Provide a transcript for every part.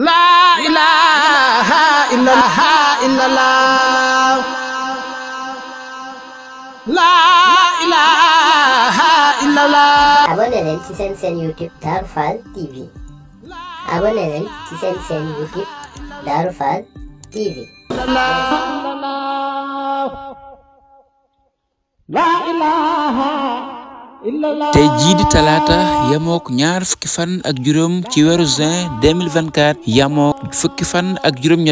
laa ilaaha illallaah laa ilaaha illallaah abonné leen ci seen YouTube Darou Fall TV abonné TV te jii di talaata yamook ñaar fukki fan ak juróom ci weeru juin 2024 yamook fukki fan ak juróom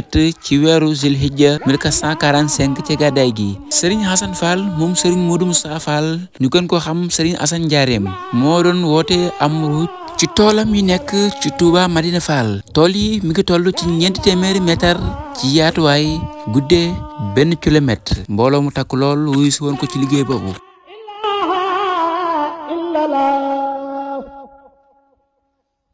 ci weeru zilhijja 1445 ci gàddaay gi Serigne Assane Fall moom Serigne Modou Moussa Fall ñu gën koo xam Serigne Assane Ndiarème moo doon woote am ruuj ci toolam yi nekk ci Touba Madina Fall tool yi mi ngi toll ci ñeenti téeméeri mètre ci yaatuwaay guddee benn kilomètre mbooloo mu takk lool wuyu si woon ko ci liggéey boobu.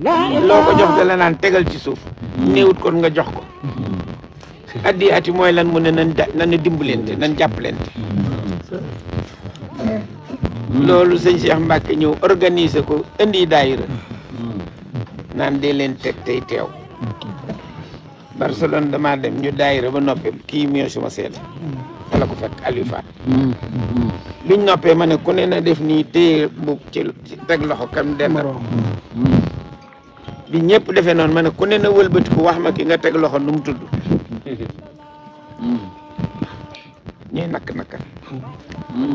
loo ko jox da la naan tegal ci suuf néewut kon nga jox ko hmm. addi ati mooy lan mu ne nan nan dimbalante nan jàppalante hmm. loolu sëñ Cheikh Mbacke ñëw organise ko indi daayira hmm. naan dee leen teg tey teew Barcelone dama dem ñu daayira ba noppee kii mooy suma seede ko fekk Aliou Fall luñ noppee ma ne ku ne na def nii téye bu ci teg loxo kam demar bi ñëpp defe noonu ma ne ku ne na wëlbati wax ma ki nga teg loxo nu mu tudd ñuy nakk nakkal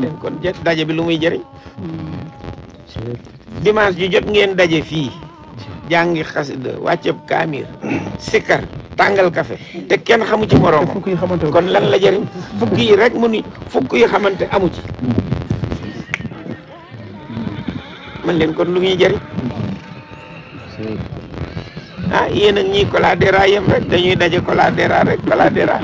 leen kon daje bi lu muy jëriñ dimanche ju jot ngeen daje fii jàngi xasida wàcceb kaamir sikkar tàngal kafe te kenn xamu ci moroomam kon lan la jëriñ fukk yi rek mu ni fukk yi xamante amu ci man leen kon lu muy ah yéen ak ñii Coladera yem rek dañuy daje Coladera rek Coladera.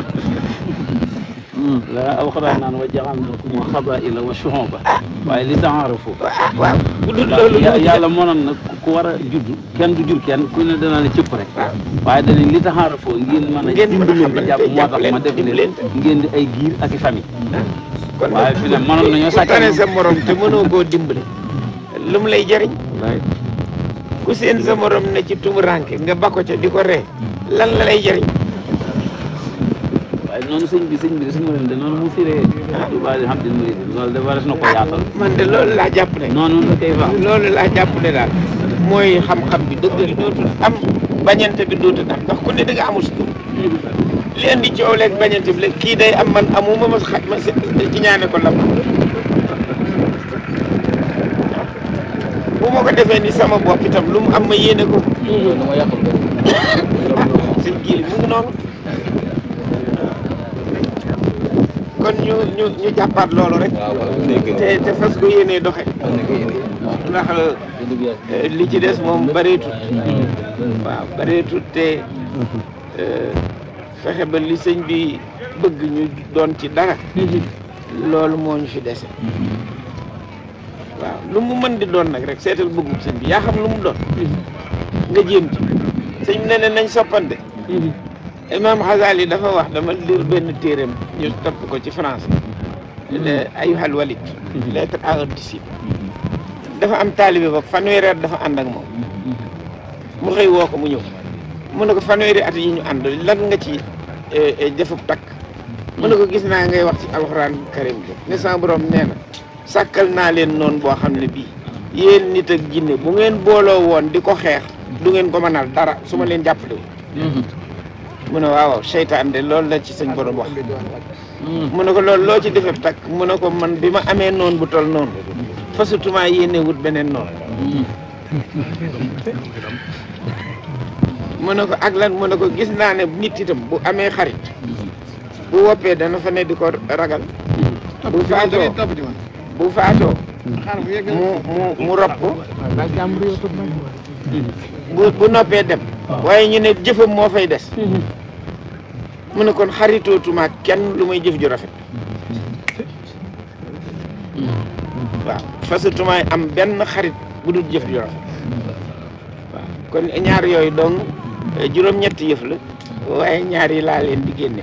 Hmm. la aw xabaar naan wa jaxalnakum xabaa'ila wa shu'uuba waaye li ta'aarafu ah, waaw bu dul yàlla mënoon nag ku war a judd kenn du jur kenn ku ne dana la cëpp rek ah. waaye danañ li ta'aarafu ngeen mën a dimbalante jàpp moo tax ma ngeen ay giir ak i famille ah. waaye fi ne mënoon nañoo sàcc sa morom te mënoo koo dimbale lu mu lay jëriñ ku seen sa morom ne ci tumuranke nga bako ca di ko ree lan la lay jëriñ waaye noonu bi sëñ bi sëñ morom de noonu mu firee ah. ah, man de loolu laa jàpp ne noonu la koy wax loolu laa jàpp ne daal mooy xam-xam bi dëgg dootul am bañante bi dootul am ndax ku ne da nga amul sutur leen di coow bi la kii day am man amuma ma xaj ma ci ñaane ko lam bu ma ko defee ni sama bopp itam lu am ma yéene ko. toujours dama yàqul sëñ mu ngi kon ñu ñu ñu jàppaat loolu rek. te te fas ko yéenee doxe ndax euh, li ci des moom bëreetut. waaw euh, ba li bi bëgg ñu doon ci dara. ñu fi waaw lu mu mën di doon nag rek seetal bëggum sëñ bi yaa xam lu mu doon nga jéem ci sëñ bi ne ne nañ soppante mhm. imam dafa wax dama lire benn téeréem ñu topp ko ci France mhm. le ayuhal walid mhm. lettre à un dafa am taalibe ba fanweeri at dafa ànd ak moom mu xëy woo ko mu ñëw mu ne ko fanweeri at yi ñu ànd lan nga ci jëfub eh, eh, takk mu na ko gis naa ngay wax ci alxuraan karim bi ne sama nee na sàkkal naa leen noonu boo xam ne bii yéen nit ak jinne bu ngeen booloo woon di ko xeex du ngeen ko mënal dara su ma leen jàppale mu ne waaw seytaan de loolu la ci sëñ borom wax mu ne ko lool loo ci defee takk mu ne ko man bi ma amee noonu bu tol noonu fasutuma yéene wut beneen noonu mu ne ko ak lan mu ne ko gis naa ne nit itam bu amee xarit bu woppee dana fa ne di ko ragal bu faatoo bu faatoo. mu mu mu rob bu bu noppee dem. waaye ñu ne jëfam moo fay des. mu ne kon xaritootuma kenn lu may jëf ju rafet. waaw fasatumaay am benn xarit bu dul jëf ju rafet. waaw kon ñaar yooyu dong eh, juróom-ñetti yëf la waaye ñaar yi laa leen di génne.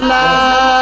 Allah